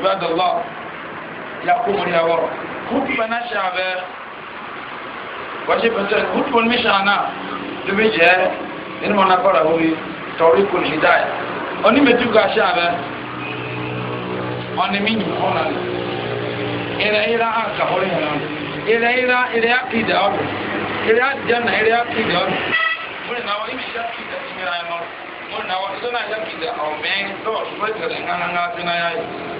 عباد الله يقوم اليوم خطبة نشعبة وجب خطبة مشعنا دبجة إن من هو طريق الهداية أني متوقع شعبة أني مني هنا إلى إلى أنك هنا إلى إلى إلى أكيد أبو إلى الجنة إلى أكيد أبو Mwen na wa imi shaki da kimira ya mor. Mwen na wa ito na shaki da au mengi. Tawa shubay kada nga nga nga tina ya yi.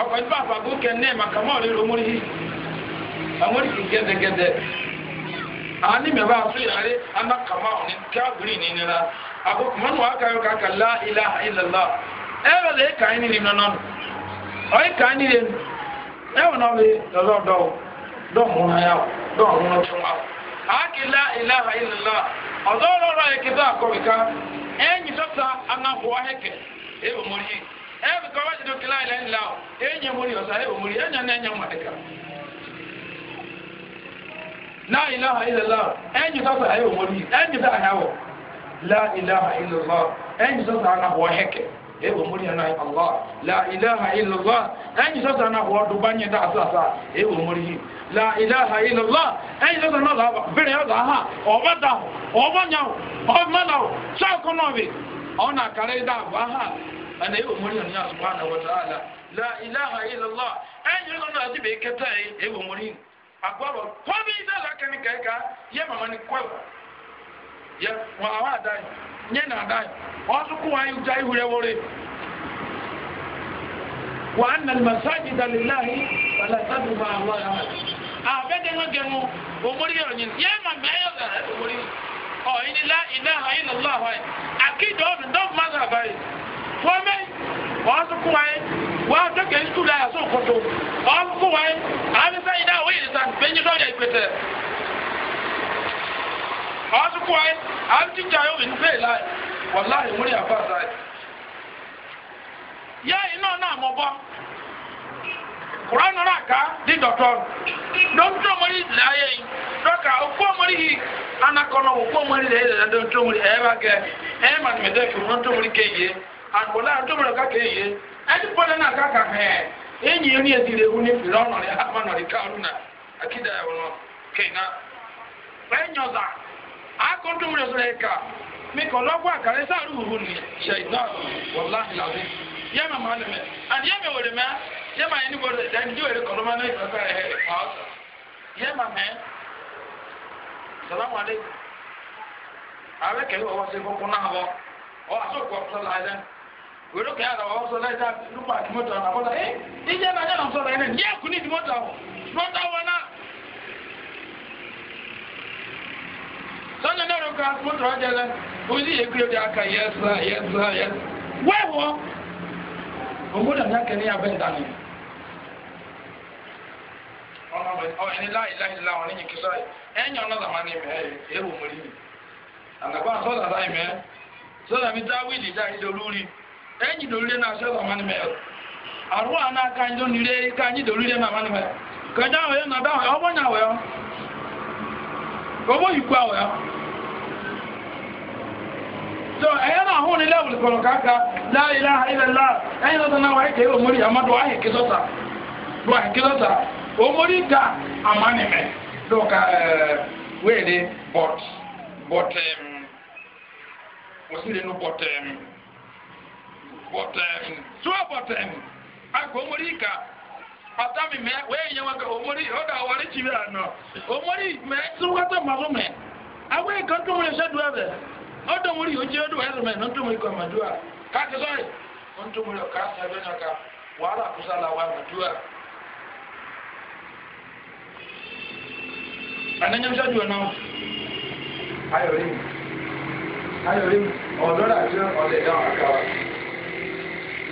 ọkọ ní bàbá gòkè ní ẹ̀ma kàmá ọ̀rẹ́ ló mórí yìí àwọn ìkì gẹ́dẹ́gẹ́dẹ́ àní mẹ́fà fún yàrá aná kàmá ọ̀ní káàbùrì ní nira àkókò mọ́nù wà káyọ̀ kàkà lá ilá ilàlá ẹ bẹ lè kàn ní nínú nánu ọ̀ yìí kàn ní yẹn ẹ wọ́n náà bẹ lọ́dọ̀ dọ́wọ́ dọ́wọ́ múná yà wọ́ dọ́wọ́ múná tún wà wọ́. àkè lá ilá ilàlá ọ̀dọ́ ọlọ́rọ̀ yẹ kí ɛbi kɔ ba jidɔ kila ilẹ nla o enye mori ɔsa ebo mori enye ne enye mori ka la ilaha illallah enye sɔsɔ ebo mori enye sɔ ahawɔ la ilaha illallah enye sɔsɔ anahɔ hɛkɛ ebo mori ana allah la ilaha illallah enye sɔsɔ anahɔ dubanye da asasa ebo mori la ilaha illallah enye sɔsɔ anahɔ bere ɔza ha ɔba da ho nya ho ɔba mala ho sɔ akɔnɔ bi ɔna kare da ba ana yi omori ya subhanahu wa ta'ala la ilaha illallah ẹn yẹn lọnà àti bẹẹ kẹta yìí ẹ wọ omori agbọrọ kọbi ìdára kẹni kẹka yẹ mama ni kọ yẹ ya àwọn àdáyé nyẹ nà àdáyé wọn tún kún wáyé wọlé wà á nà lùmọ̀sáàjì dàlíláhi wàlá sábì omori yẹ mama ẹ ọ fɔmɛ ɔsɔ kuwaye waa tɔ kɛ su so yasɔ kɔtɔ ɔsɔ kuwaye alisa yi naa oye san bɛ nyi dɔwɔya ipetɛ ɔsɔ kuwaye alisi jayo wini fɛ la walahi wuli afa sa yi yɛ iná kuran ka di dɔtɔ dɔntɔ mori la yɛ yi dɔka okpo mori yi anakɔnɔ okpo mori la yɛ lɛ dɔntɔ mori ɛyɛ e ba kɛ ɛyɛ e ma nimɛ dɛ akpọla atụmọrọ kaka eyi adịpọla na aka ka ha enyi onye eziri ewu n'efere ọnọrị ama ọrụ na akida ya ọrụ kena enyoza akụ ntụmọrọ sịrị ka mịka ọlọgwụ akara ịsa arụ uhu ni shaitan wallahi lazi ma ọ ya wòlò kẹ́ àrà ọ̀sọ̀ lẹ́sà lùpà àti mọ́tò àrà bọ́lá ẹ́ ìjẹ́ náà jẹ́ náà sọ̀rọ̀ ẹ̀ ní ẹ̀kú ní ti mọ́tò àwọn mọ́tò àwọn náà. sọ́nà náà lóka mọ́tò ọ̀jẹ̀ lẹ ozi yẹ kúrò dé aka yẹ sá yẹ sá yẹ wẹ́wọ́ ògbó dàbí akẹ́lẹ́ yà bẹ́ẹ̀ dání. ọ̀hún ẹni láì láì láì wọn ní kìsọ́ ẹ̀ ẹ̀yàn náà zàmà ní mẹ́ẹ̀ ẹ̀ wò mọ́rí mi àgbà sọ́dà láì mẹ́ẹ̀ sọ́dà mi dáwìlì dáì lórí. ẹ̀yìn ìdòrúlé náà ṣẹ́lọ̀ mánimẹ̀ àrùwà náà ká ìjọ nílé ká ìjọ ka náà mánimẹ̀ kẹjá àwọn èèyàn náà dáwọn ọgbọ́nyà wẹ̀ ọ́ owó ìkú àwẹ̀ ya so ẹ̀yẹ́ náà hún nílé òwúlẹ̀ kọ̀rọ̀ káàkà láìlá ilẹ̀lá ẹ̀yìn lọ́tọ̀ náà wáyé kẹ́yẹ́ òmórí àmọ́dọ̀ àhẹ̀kẹ́ lọ́tà àhẹ̀kẹ́ lọ́tà òmórí ga wéèdè bọ̀t bọ̀t ẹ̀m bọ̀t ẹ̀m tụọ bọtịn akụ omori ka ọtami mẹ wee nye nwoke omori ọ ga-awọrị chiri anọ omori mẹ tụrụkọta mmadụ mẹ agwa ike ntụmori nsọ dụọ ebe ọ dọmori oche ọdụ ya zụmẹ na ka ma dụọ ka akị sọrị ntụmori ọka asị ebe nyọ ka wàhálà kụsala ma dụọ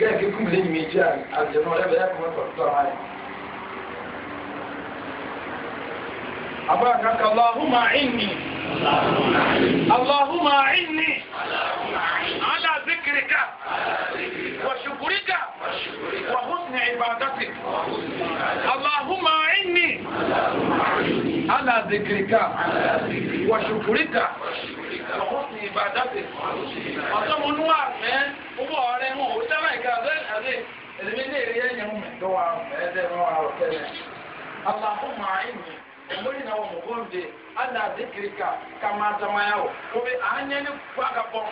gẹ́gẹ́ kí kúmìlì yìí méjì àjẹmọ́ ẹ̀bẹ̀ أباكك اللهم أعني اللهم أعني على ذكرك وشكرك وحسن عبادتك اللهم أعني على ذكرك وشكرك وحسن عبادتك ọ̀tọ́ mo ụmụ ọrịa mụ ụta maịka ọzọ adị elimi ndị eri enyi m dọwa ede m ọrụ kele اللهم أعني أمرنا ومغمدي على ذكرك كما تمايو وبي أعني فاقبون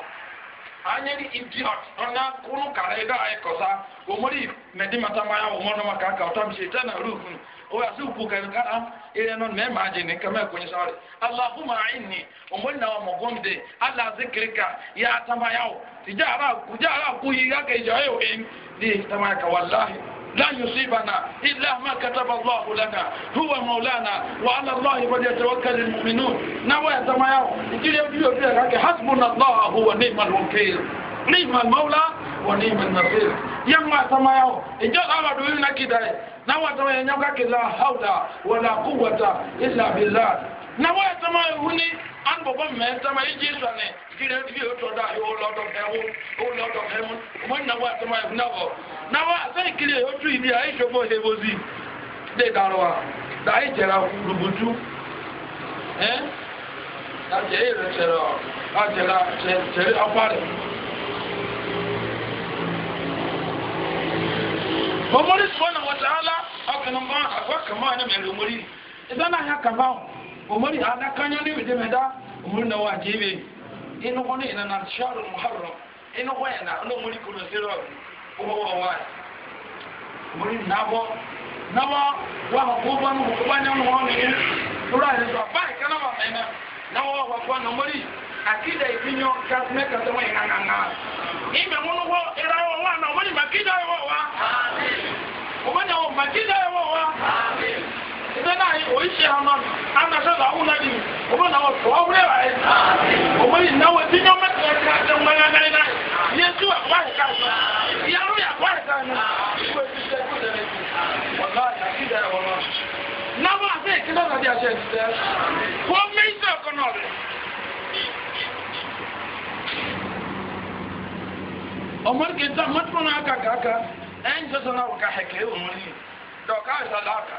anya ni idiot ona kunu kare da ay kosa omori medima tamaya omono makaka otamshi tena rufu o asu puka ka am ile non me maji ni kama kwenye sawali allahumma inni omori na wa mogomde ala zikrika ya tamaya tijara kujara kuyi yake jayo in di لا يصيبنا إلا ما كتب الله لنا هو مولانا وعلى الله فليتوكل المؤمنون نوايا نوى زما يو يجي يجي حسبنا الله هو نعم الوكيل نعم المولى ونعم النصير يما زما يو يجي أبا دوينا كده نوى زما ينجا لا حول ولا قوة إلا بالله نوى زما يهوني أن بابا ما زما dire ti o to da yo lord of heaven o lord of heaven mo na wa to ma na wo na bozi de daro da ai jera rubutu eh da je e re jera jera je je apare Omori subhanahu wa ta'ala akana ma akwa kama na mele omori idan na ya kama omori ana kanya ni meda omori na wa inu ko ne na sharu muharram inu ko na no muri ko sero ko wa wa muri nabo nabo wa ko ba no ko ba ne no ne dura ne so ba ka na ma me na nabo wa ko no muri akida ibinyo ka me ka to wa nganga nganga ibe mo no ko era wa wa na muri makida wa wa amen ko ba na makida wa wa amen ɛdɛ naa yi o yi si hama ana sɛ la awuna di o ma na wa tɔ awura wa yi o ma yi na wa ti nyɔ mɛ tɛ ka tɛ ŋmɛ ŋa n'ayi n'ayi yɛ ti wa kɔ ayi ka yi yaru ya kɔ ayi ka yi n'ayi ko ti sɛ ko dɛmɛ ti wala a ti dɛ wɔlɔ n'awo a sɛ kila na di a sɛ ti dɛ ko mi sɛ kɔnɔ dɛ. Omar kita matmana kaka kaka, en sasa na wakaheke umani, doka sasa kaka.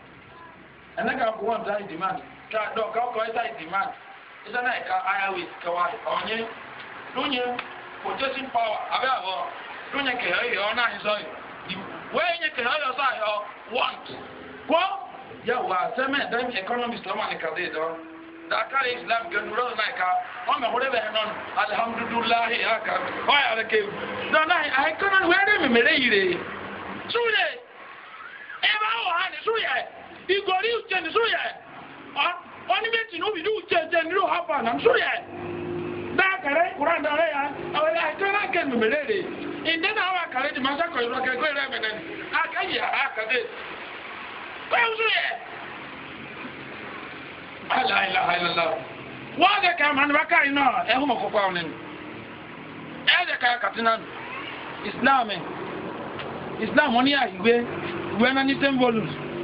ɛnɛ ka ko wɔn tayi demand ka dɔ ka kɔ tayi demand ɛsɛ na ɛka ayawe kawa ɔnye lunye purchasing power abe awɔ lunye kɛhɛ yɛ ɔna yi sɔ yi di wɛɛ nye kɛhɛ yɛ sɔ yɛ want kɔ yɛ wɔ asɛmɛ dɛm economist lɔmɔ ni kade dɔ dakari islam gɛnurɔ na ɛka ɔmɛ wɛrɛ bɛ hɛn nɔnu alihamudulilahi aka ɔyɛ ara kewu dɔnna ayi kɔnɔ wɛrɛ mɛmɛrɛ yire suye ɛ e, b'a wɔ ha ni suye igori uche ni so yɛ ɔni bɛ ti n'ubi ni uche uche ni lo hapa na so yɛ daa kare kura da ɔlɛ ya ɔlɛ ya kɛ na kɛ numere de inde na awa kare di masa kɔyi lɔkɛ kɔyi lɛ mɛnɛ a ka yi a ka de kɔyi so yɛ ala ila ala la wɔn de ka ma ni ba ka yi nɔ ɛhu ma kɔkɔ awo ne ni e ɛ de ka katina islam islam wɔn ni a yi we we na ni ten volumes.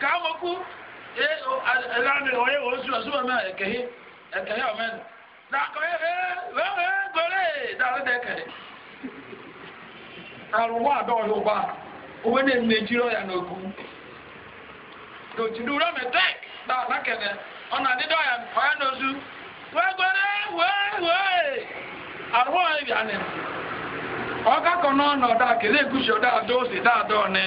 ka awoku ẹlẹ́ni ọ̀yẹ́ wò sùn ọ̀sùn ọ̀mẹ́ ẹ̀kẹ́hẹ́ ẹ̀kẹ́hẹ́ ọ̀mẹ́ nù. Dàkọ̀ ẹ̀ ẹ̀ wẹ́wẹ́ ọrụ ya n'ogu. n'ozu. ọrụ adọ adọ ọnị.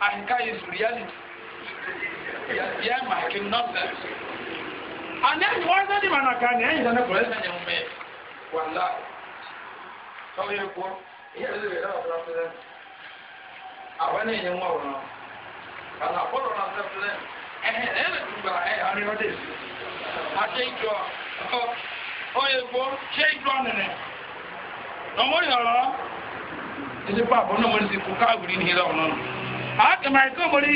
and car is reality. Yeah, my kingdom. And then more than even a can, yeah, you don't know. One love. So you go. Here is the president. I went in your mouth now. And I followed on the president. And then I knew this. Eh, eh, eh, I take you. Oh, you go. Shake running it. No more, you know. Is it Papa? No one is in Kuka. We didn't hear that one àákàmà ẹ̀kọ́ mọ̀rí.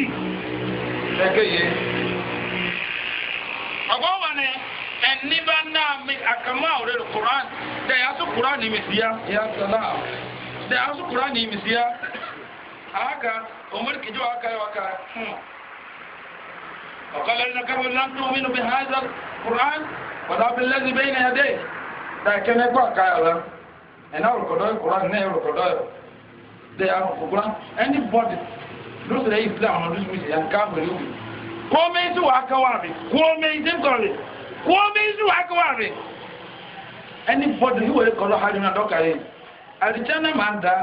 ẹ̀kẹ́ yẹ. ọ̀gbọ́n wà ní ẹni bá hmm. náà mi àkàmọ́ àwòrán rẹ̀ kuran dẹ̀ yà sọ kuran ní mìsíyá. yà sọ̀lá. dẹ̀ yà sọ kuran ní mìsíyá. àákà òmùrí kìjọ àákà yẹ wákà. وقال لنا كرم لم تؤمنوا بهذا القرآن ولا بالذي بين يديه لكن يقوى كايلا أنا أقول كدوي القرآن أنا أقول كدوي they are Quran. Anybody lóṣèlè islam ọdún ìwé ìṣẹ̀yà káàmù rí omi kómi sí wàá káwá rẹ̀ kómi sí sọ̀rọ̀ kómi sí wàá káwá rẹ̀ ẹni bọ́dù ìwé kọlọ́ hajjúmọ́ dọ́kà yẹn àdìjẹ́ náà máa ń dá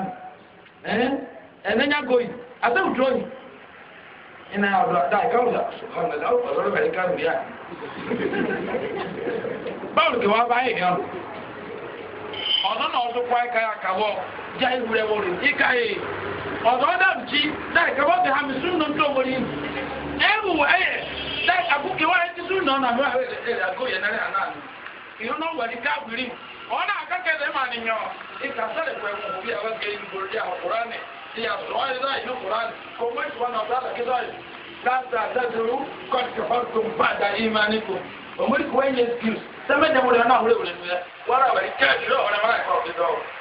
ẹ̀ẹ́dẹ́nyàgò yìí àtẹ̀wùjọ́ yìí ina àbúrò àdá ìkáwùsà ṣùgbọ́n ọ̀rọ̀ bẹ̀rẹ̀ káàmù rí à náà ọdún yìí. ọ̀dọ́ dàbùjí láì kẹ́wọ́ bí hami sún nù tó wọlé yìí ẹ̀rù ẹ̀yẹ láì àkókè wáyé ti sún nù ọ̀nà àmì àwọn èdè àgọ́ yẹn náírà náà nù ìlú náà wà ní káàbìrì ọ̀nà àkàkẹ́ lè gaa nìyàn ìkà sẹ́lẹ̀ pẹ̀ kò bí àwọn kẹ́ ìlú gbòòrò ka kúránì ti àtọ̀ ẹ̀ láì ní kúránì kò mọ̀ ìṣùwọ̀n náà sọ́dọ̀ kí omori kò wáyé excuse sẹ́mẹ́jẹ̀ mo lè ọ̀nà àwòrán ìwòlẹ́nu yẹ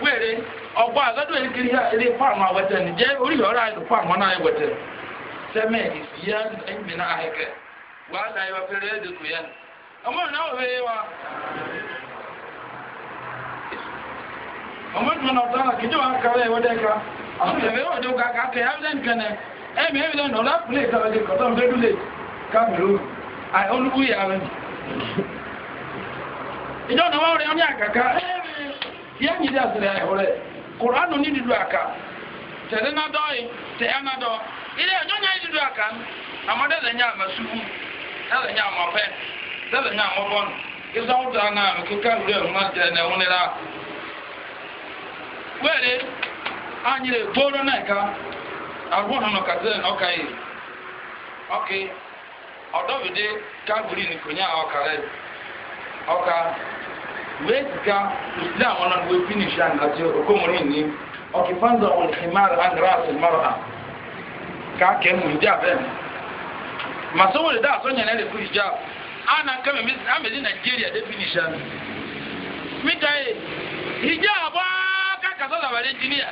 were ọgbọ agado ekiri ha ele farm a wẹtẹ ni jẹ orí ọrọ ayé farm wọn náà wẹtẹ sẹmẹ ìfìyà ẹnìmí náà ahẹkẹ wàá láyé wa fẹrẹ ẹdẹ kù yẹn ọmọ ìrìn náà wọlé wa ọmọ ìrìn náà tọ́lá kìjọ wa kàwé ẹwọ́dẹ ká àwọn ìrìn ìtàwé yàrá ìjọ náà ní àkàkà ya nyi da sere ya hore qur'an ni didu aka tere na doi te ya na do ile nyo nya didu aka amada da nya masuku da nye ama mape da da nya mobon izo uta na nke ka ru ma je na unira were anyị le boro na ka agwo na ka te na ka yi okay ọdọ bi de ka guri ni konya ọkara ọka ويتكا لا ولا ويفيني شان أتي أكمريني أوكي فانظر الحمار عن رأس المرأة كاكي مجاب ما سوى ده أصلا نالي كل جاب أنا كم مثل أمي نيجيريا دفيني شان متى hijab kaka sọ́dọ̀ wà lé engineer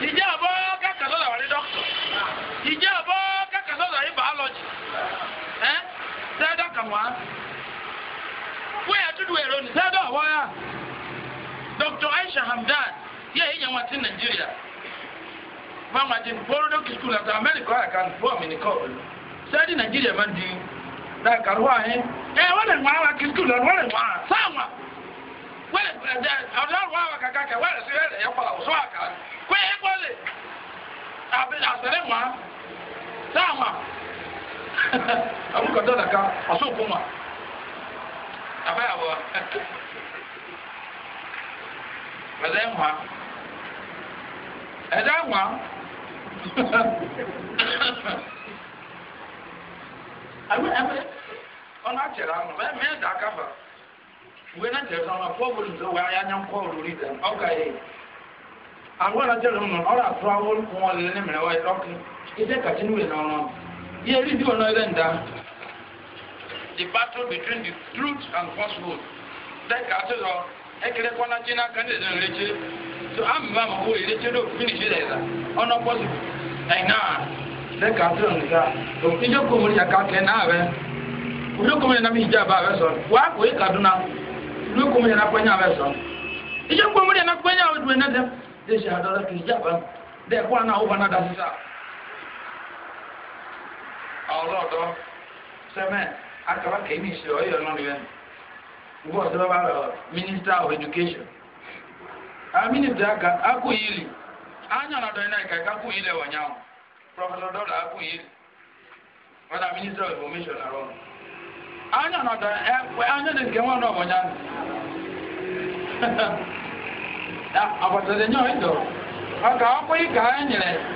hijab kaka sọ́dọ̀ wà lé doctor hijab kaka sọ́dọ̀ wà lé biology ẹ́ sẹ́dọ̀ kàmú á waya tudu ero ni sada waya dr aisha hamdan ya yi yan watin nigeria ba ma jin boro doki school at america i can form in call sadi nigeria man di da karwa he eh wala ngwa wa ki school wala ngwa sama wala da awla wa wa kaka ka wala sire ya kwa so aka kwe kwale abi asere ngwa sama abu ka dala ka aso kuma apa ya bu? Ada yang mah? Ada yang mah? Abu Abu, orang cerah, mana mana dah kafir. Bukan aja sama power itu, wayang yang power itu. Okay. Àwọn ọ̀làjẹ́rìí ọ̀nà ọ̀rọ̀ àtúrà wọ́n kún ọ̀lẹ́lẹ́mìíràn wáyé lọ́kùn. Iṣẹ́ kàtínú ìlànà. Iye rí bí ọ̀nà ẹlẹ́ǹda. the battle between the truth and falsehood dịka atụzọ ekelekwana chi n'aka ndị dị nrechi so amụma ma ọ erechi do finish dịza ọnụ ọkpọsụ ẹna dịka atụzọ nka ndị okomori ya ka kee na-abịa ndị okomori na mihija abịa abịa sọ waa kwe kaduna ndị okomori na kwenye abịa sọ ndị okomori na kwenye abịa dụwe na dem dị si adọla ka ije dị ekwa na ụba na dasịsa ọzọ ọdọ akaba kemi ṣe ọyọ náà nìyẹn gbogbo ọdún bá minister of education a minister aka akú yìí lì ányà lọdọ iná ìka ìka akú yìí professor dọlà akú yìí wọn minister of information àrọ ányà lọdọ ẹ wọn náà ọkà yìí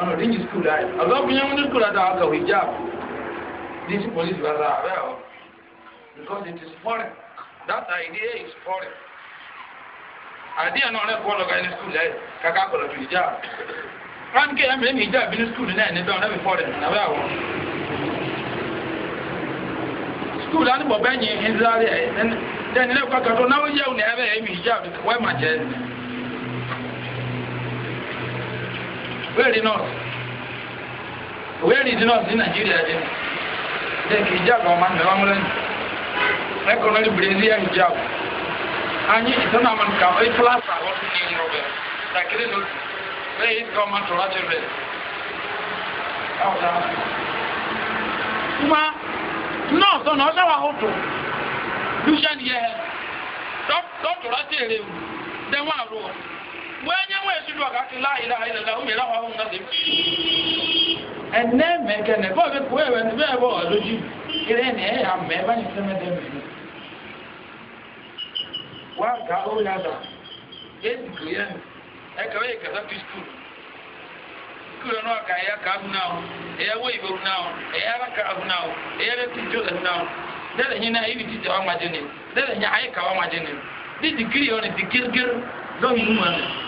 ọ̀nà díjì skul ayé ọ̀gá obìnrin mú ní skul àti àwọn kàwé hijab this police was aware of because it is foreign that idea is foreign àdéhà náà ọ̀rẹ́ kọ́ lọ́gà ní skul ayé kàkà kọ̀ lọ́tù hijab ránkì ẹ̀mí ẹ̀mí hijab ní skul náà ní dán ẹ̀mí foreign náà wẹ́ àwọn skul á ní bọ̀ bẹ́ẹ̀ yín ní sáré ẹ̀ dẹ́ni lẹ́kọ̀ọ́ kàtó náà ó yẹ òun ní ẹ̀rẹ́ ẹ̀mí hijab wẹ́ẹ̀ má jẹ́ ẹ̀ wéèrè nọọsì wéèrè di nọọsì ní nàìjíríà jẹ ṣe kì í jáàbù ọmọ mẹwàá múlẹ ní ẹkọnọlì bìrẹsì yẹn jáàbù anyi ìtọ́nà àmà nìkan ẹ fúlásà wọ́n tún ní ìrọ̀bẹ dàkírí ló bẹ́ẹ̀ yìí kọ́ ọmọ tọ́lá ti rẹ̀ kuma nọọsì ọ̀nà ọ̀dà wà hótò lùsẹ̀ nìyẹn dọ́tò láti èrè o dẹ́wọ́n àrò wọn. wẹ́nyẹ́ wọ́n èsì lù àkàkì láàyè láàyè lọ́la ó mìíràn na náà lèmi. ẹnẹ mẹkẹnẹ bọọlù kú ẹwẹ ní bẹẹ bọ lójú kéré ni ẹ yà mẹ bá ní sẹmẹdẹ mẹ. wà á ga ó yàtọ̀ éjì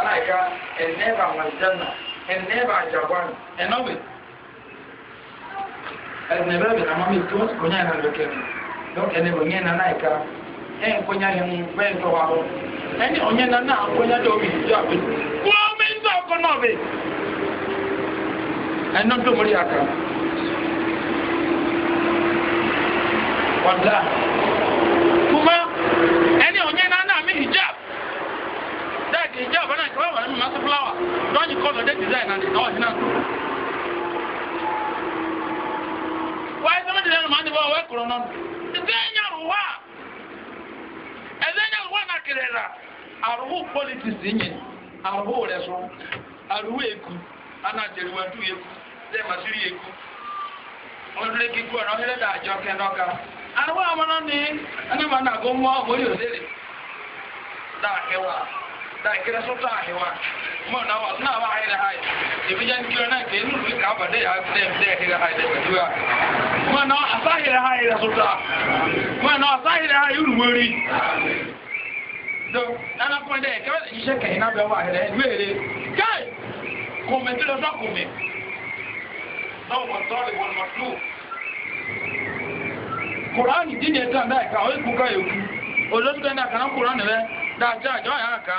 alaika eneba aljanna eneba jawan enobe eneba bi ama mi na loke donc eneba nye na alaika en konya he mu be to wa ho eni onye na na konya do bi jo abi wo mi to ko no to mori aka wanda kuma eni onye na na mi just flower. Don't you call the design and it's original. Why is somebody there about Design your work. And then you want to na Our whole politics in it. Our whole restaurant. Our way. And I tell you what to you. They must be you. Ọdún lé kíkú ọ̀nà ọ̀hẹ́rẹ́ dà àjọ kẹ́ńdọ́ka. da kira so ta hewa mo na wa na wa hayra hay e bi jan kilo na ke nu ka ba de ya de de hira hay de tuwa mo na wa sahira hay ra so ta mo na wa sahira hay uru mori do ana ko de ka ise ke na be wa hayra mere kai ko me kilo so ko me do wa tole wal matlu Quran di ya tan da ka o ku ka yoku o lo tun da kana Quran ne da ja ja ya ka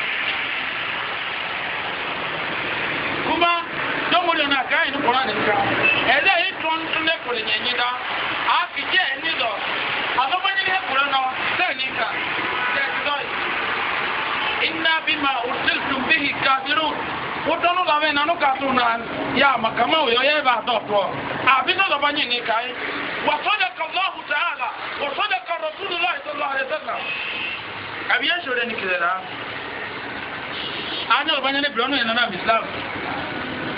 ndo na gaa inu kura ne nka ɛdɛ yi tɔn so ne kore nyɛ nyi da afi gye eni dɔ asɔfo nyi ne kure no sɛ ni ka sɛ dɔ yi ina bi ma o ti tun bi hi kafiru o tɔn no labɛn na no ka na ya ma kama o yɔ yɛ ba dɔ tɔ a ah, bi ni ka ye wa sɔjɛ ka lɔhu ta a la wa sɔjɛ ka rasulu lɔhi sɔ lɔhi sɛ na a bi yɛ sɔ de ni kile la an yɛrɛ ba nyɛ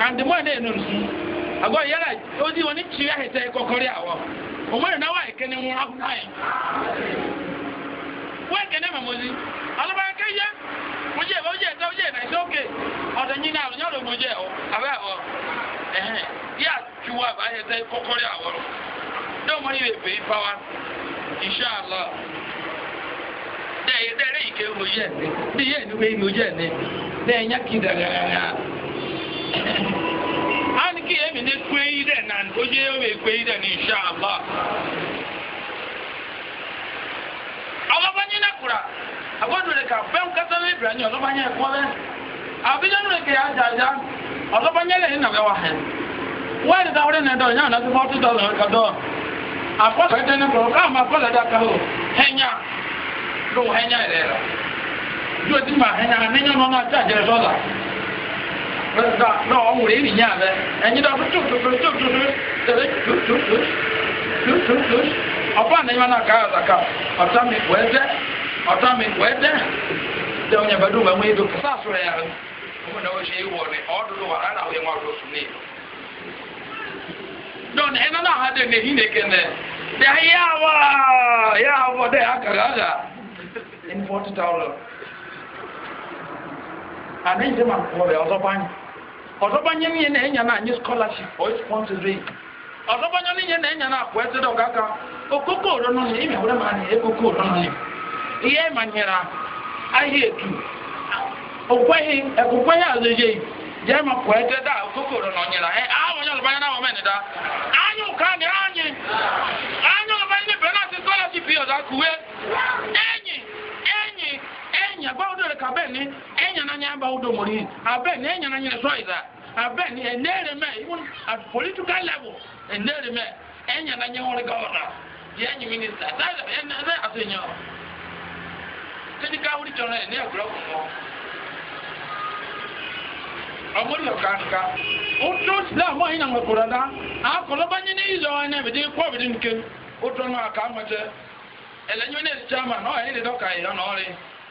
and mo ne no nsu ago yala odi woni chiya hete kokori awo o mo na wa ikene mu akunai wa ikene ma mozi alaba ke ye mo je bo je ta je na is okay odo nyi na nyo lo mo je o abe o eh ya chuwa ba hete kokori awo do mo ni be power inshallah dẹ́yẹ dẹ́rẹ́ ìkéwòye ẹ̀ ní bí yẹ́ ìlú wẹ́ ìlú jẹ́ ní dẹ́yẹ nyákìdàgàgàgà. aniki ke yemi ne kweyi dɛ nan o je o me kweyi dɛ ni insha Allah ɔlɔba na kura agbɔdo le ka fɛn kata le bila ni ɔlɔba nyɛ kɔ lɛ abidjan le ke adzaja ɔlɔba nyɛ lɛ na nabɛ wa hɛ wɛri ta na nɛ dɔ nyɛ ɔna ti fɔ tuta lɛ ka dɔ ne kɔrɔ k'a ma da ka o hɛnya do hɛnya yɛrɛ ti ma hɛnya ti a jɛrɛ la. na ọwụrụ eri nye abịa enyi dọkụ tutututututu tere tutututututu ọba na ịma na-aka azaka ọta mi wee de ọta mi wee de de onye bado ụwa nwee ego kasa asụrụ ya ahụ ụmụ na oche iwu ọrị ọdụdụ ụwa ara ahụ enwe ọdụ sụrụ n'elu dọn ena na ha de n'ehi na-ekene de ya awa ya awa de akara aga in 40,000 and then them and boy, also fine. ọzọbanye nwunye na enye na anyị skọlaship or sponsori ọzọbanye nwunye na enye na akwa eze dọga aka okoko oro nọ n'ime were ma na ekoko oro nọ ihe manyere ahịa etu okweghị ekukweghị azụ eje jẹ́ ma pọ̀ ẹ́ dẹ́dá òkókò rẹ̀ nà ọ̀nyẹ̀lá ẹ̀ àwọn ọ̀nyẹ̀ lọ́bàá yẹn náà wọ́n mẹ́rin dá. Ányú ká ní ányí. Ányú lọ́bàá yẹn bẹ̀rẹ̀ náà ti scholarship ọ̀dà enya ba odore ka be ni enya na abe ni enya na sọ ịza, abe ni even at political level enere me enya na nya ore governor ya nyi minister that enya na asenyo tini ka wuri chona ne bidi bidi nke aka amate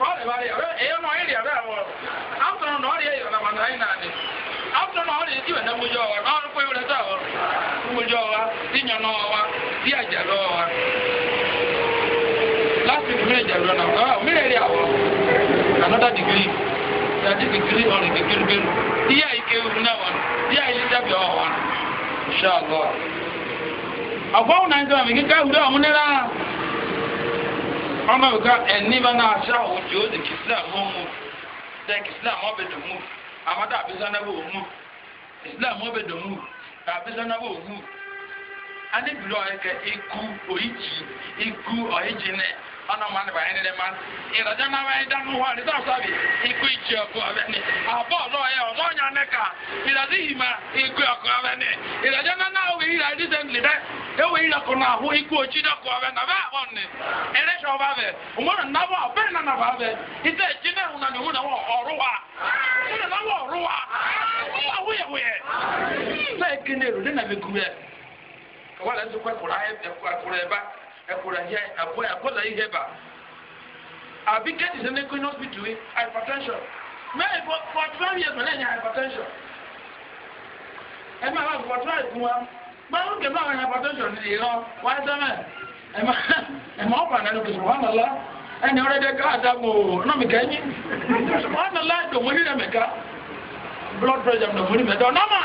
kɔɔre ba yɛ ɛyɛ nɔ ɛyɛ yɛ bɛ wɔrɔ afɔ nɔ ɔri yɛ yɛrɛ ma nɔ ayi naani afɔ nɔ ɔri yɛ ti wɛ n'amu jɔ wa n'ɔri ko ewúrɛ ta wɔrɔ amu jɔ wa ti nyɔ nɔ wa ti adza lɔ wa na wa mi lɛ yà degree yàtí kékeré ɔri kékeré bɛ lu ti yà yi kéwu nɛ wɔn ti yà yi lita bi ɔwɔ wɔn inshallah. àgbọ̀wò náà ń sọ àmì kíkà ìwúrẹ́ ọ̀hún nílá ama ga ẹni bá náà aṣá òjò ó di islam ó mu dẹ islam ọbẹ dùn mu amadu abisanabo ò mu islam ọbẹ dùn mu abisanabo ò mu anibilọ ẹkẹ ikú oyijì ikú ọyijì náà ọ̀nà mọ̀ ní báyìí nílẹ̀ máa ìrọ̀jẹ́ náà wáyé dánú wà ní sọ́ọ̀sọ́bì ikú ìjì ọ̀kọ̀ ọ̀bẹ ni àbọ̀ ọ̀dọ́ ẹ̀ ọ̀nà ọ̀nyà nẹ́ka ìrọ̀jẹ́ yìí máa ikú ọ̀kọ̀ ọ̀bẹ ni ìrọ̀jẹ́ náà náà wí ìrà recently dẹ́ ewu yìí lọkọ̀ náà hu ikú ojú dọ̀kọ̀ ọ̀bẹ Ba, àwọn ni ẹ̀rẹ́sọ̀ ọba bẹ̀ òmùnà náwó ọ̀bẹ náà nàbà bẹ̀ ìtẹ̀ ẹ̀jẹ̀ náà hùnà ni òmùnà wọ̀ ọ̀rọ̀ wa òmùnà náwó ọ̀rọ̀ wa awuyewuye sẹ́ẹ̀kì ní èrò ní nàbẹ̀kú yẹ kọ́wá lẹ́nu tó kọ́ ẹ̀kọ́ ẹ̀kọ́ ẹ̀bá ɛkurahia aboɛ akɔla yi hɛba abi kɛntɛ sɛ ne kɔnɔ hospital yi hypertension mɛɛ bɔ for twelve years mɛ ne nya hypertension ɛmɛ awa for twelve fún wa gbɛɛ nkɛ mɛ awa hypertension yi lɔ wa ɛsɛ mɛ ɛmɛ ɛmɛ ɔba nanu kò sɔrɔ ɔnala ɛni ɔrɛ dɛ kaa da mo ɔnɔmi kɛ nyi ɔnala domoni dɛ mɛ ka blood pressure domoni mɛ dɛ ɔnɔma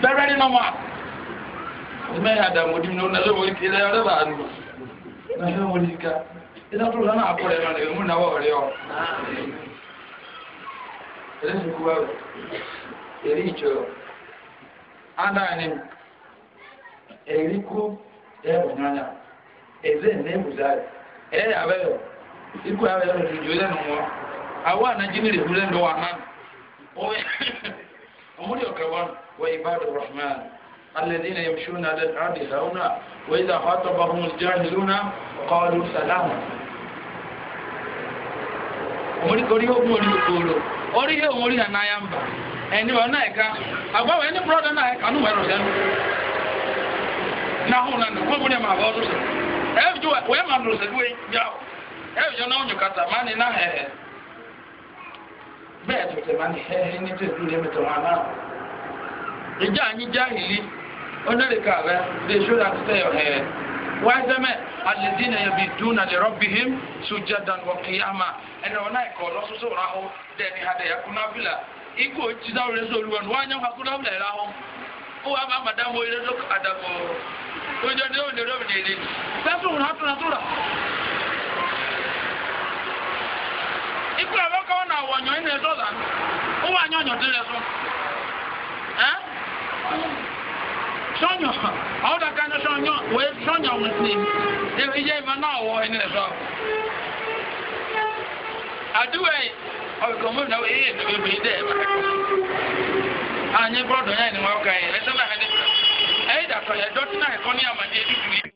bɛrɛ ni nɔma ɛmɛ yà da mo di mi n'ɔnala wo ti lɛ ɔrɛ b'a nu. E e na ihe nwere ike ịdatụrụ na na-akpọrọ ya na emu na wa were ya ọ eri ichoro anaghị eriku ịhụnanya eze na-ebuza ee abịa ikú abẹ́rẹ́ ló ti jù lẹ́nu wọn àwọn ànájínì rẹ̀ kú lẹ́nu wọn náà ọmọdé ọ̀kẹ́ wọn wọ ìbádọ̀ rahman. الذين يمشون على الأرض هونا وإذا خاطبهم الجاهلون قالوا سلاما omori orí ogun orí okoro orí na n'anya mba ẹni wọn náà ẹka agbawo ẹni brọdọ náà ẹka anú wẹrọ sẹnu n'ahụ na nọ kọbụ na ma abụọ ọrụ sẹ ẹbí jọ wẹẹ ma nọ sẹ wẹẹ bịa ẹbí jọ náà ọnyọkata ma ni na hẹhẹ bẹẹ tètè ma ni hẹhẹ ní tètè lórí ẹmẹtẹ wọn náà ìjà anyị jáhìlì onírìkà rẹ they show that stay your hair wáyé sẹ́mẹ̀ alẹ́dínà yẹn bí dúnà lè rọ́bìhìm sùjẹ́dàn wọ kìyàmà ẹnì ọ̀nà ẹ̀kọ́ lọ́sọ̀sọ̀ rà hó dẹ́ni adẹ̀yà kúnáfìlà ikú òjì dáwọ̀ rẹ̀ sọ̀rọ̀ wọn wọ́n á nyẹ́ wọn kúnáfìlà rà hó ó wà má màdàmú ilé ló àdàbọ̀ ojú ọdún yóò lè rọ́bì lè lè sẹ́sùn rà tó nàtó rà. ikú ẹ̀rọ kọ́ náà wọ̀nyọ̀ ẹ̀ sɔnyɔ awo da kan sɔnyɔ o ye sɔnyɔ ŋuti ebi yɛ ma n'a wɔ ɛni lɛ sɔrɔ aduwa yi ɔbi kò mo na o ye ebi dɛ ɛba ɛkɔ anyi bɔdɔ yɛ ni mo I yi ɛsɛ ma ɛdi ɛyi da sɔ yɛ dɔtina ɛkɔ ni ama ni ebi tuli.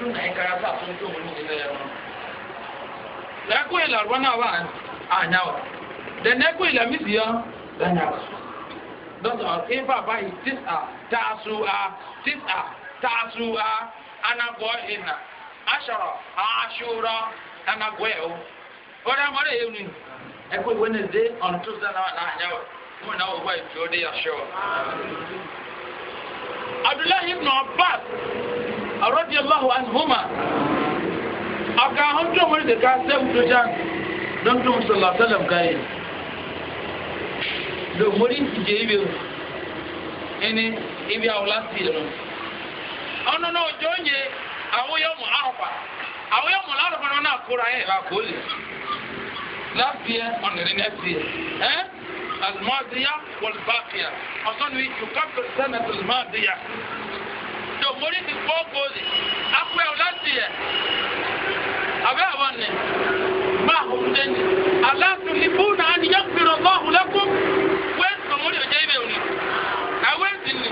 súnà yẹn kára fún àtúntò tó mú nílé ẹ̀rọ. lẹ́kù ìlà ọ̀rọ̀ náà wà ànyà wà dẹ̀nẹ́kù ìlà mísì yọ lẹ́nyà wà. dọ́tọ̀ ìfà báyìí tísà tààsù à tísà tààsù à anagọ́ ìnà aṣọ̀rọ̀ ana anagọ́ ẹ̀ o. wọ́n dá mọ́lẹ̀ yẹn ni ẹ̀kú ìwé ní dé ọ̀nà tó sẹ́nà wà náà ànyà wà mú náà wọ́n wá ìtúwọ́ dé yà ṣọ́. abdullahi ibn abbas radiyallahu anhuma aka hon to mo de ka se to jan don to sallallahu alaihi wasallam kai do mori je ibe ene ibe awla ti ro ono no jonye awo yo mo arfa awo yo mo arfa no na kura e ba ko le last year on the next year eh الماضية والباقية أظن يكفر السنة الماضية do polisi gbɔ gozi akpɛ ɔla tiɛ abe awɔ ne ma ho de ne ala tuli bu na ani yɔ kpiri ɔlɔ ho lɛ ko wɛ sɔmoli ɔdze o oni na wɛ si ni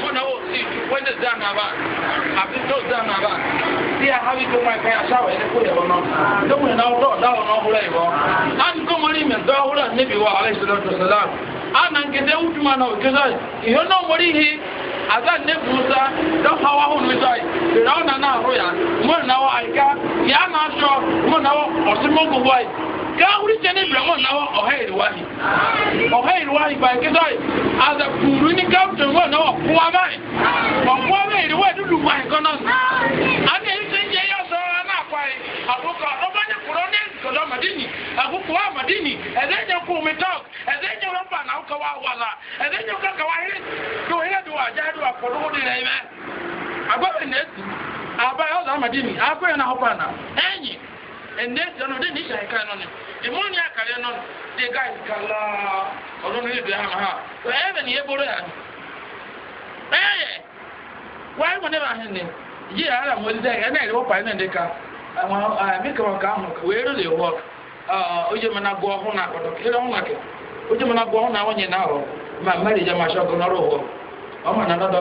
mo na o si ju wɛ ne za na ba abi to za na ba ti a habi to ma kɛ asa wɛ ne ko yɛ wɔnɔ ne ko yɛ na wɔdɔ o wɔnɔ wura yi wɔ ani kɔmɔli mɛ dɔ wura ne bi wɔ alayi sɔlɔ tɔ sɔlɔ ana nkete wutuma na o jɔsɔ yi yɔ n'o mɔri yi. azan ne musa don hawa hun mi sai firauna na ya mụ na wa ya na achọ osimo ko wai ka wuri tene bra mo na wa ohe irwani ohe irwani ba ke sai aza kuru ni na wa kuwa mai ko kuwa mai irwani dudu mai kono ane tɔdɔ madini agogowa madini ɛdɛ nyɛ kumi tɔk ɛdɛ nyɛ rɔba na ka wa wala ɛdɛ nyɛ ka ka wa hiri do hiri do wa jaa do wa kɔlɔwɔ de la yi mɛ agbɛbi na esi aba yɛ ɔzɔ madini akɔ yɛ na hɔ kwana ɛnyi ɛnɛ esi ɔno de ni isa yi yɛ nɔni emu ni akari yɛ nɔni de ga yi kala ɔlɔni yi do yɛ ama ha ɛyɛ bɛ ni yɛ bolo yɛ ɛyɛ wa yɛ mo ne ba hɛn ne yi yɛ ala mo ɛdi dɛ ɛnɛ yɛ wɔ pa ɛnɛ mekọrọ ka ahụ wee rere wọ mana gụ ọhụ na akpọtọ ere ọnwa ke oje mana na nwunye na ahụ ma mmadụ ije ma n'ọrụ ụgwọ ọ ma na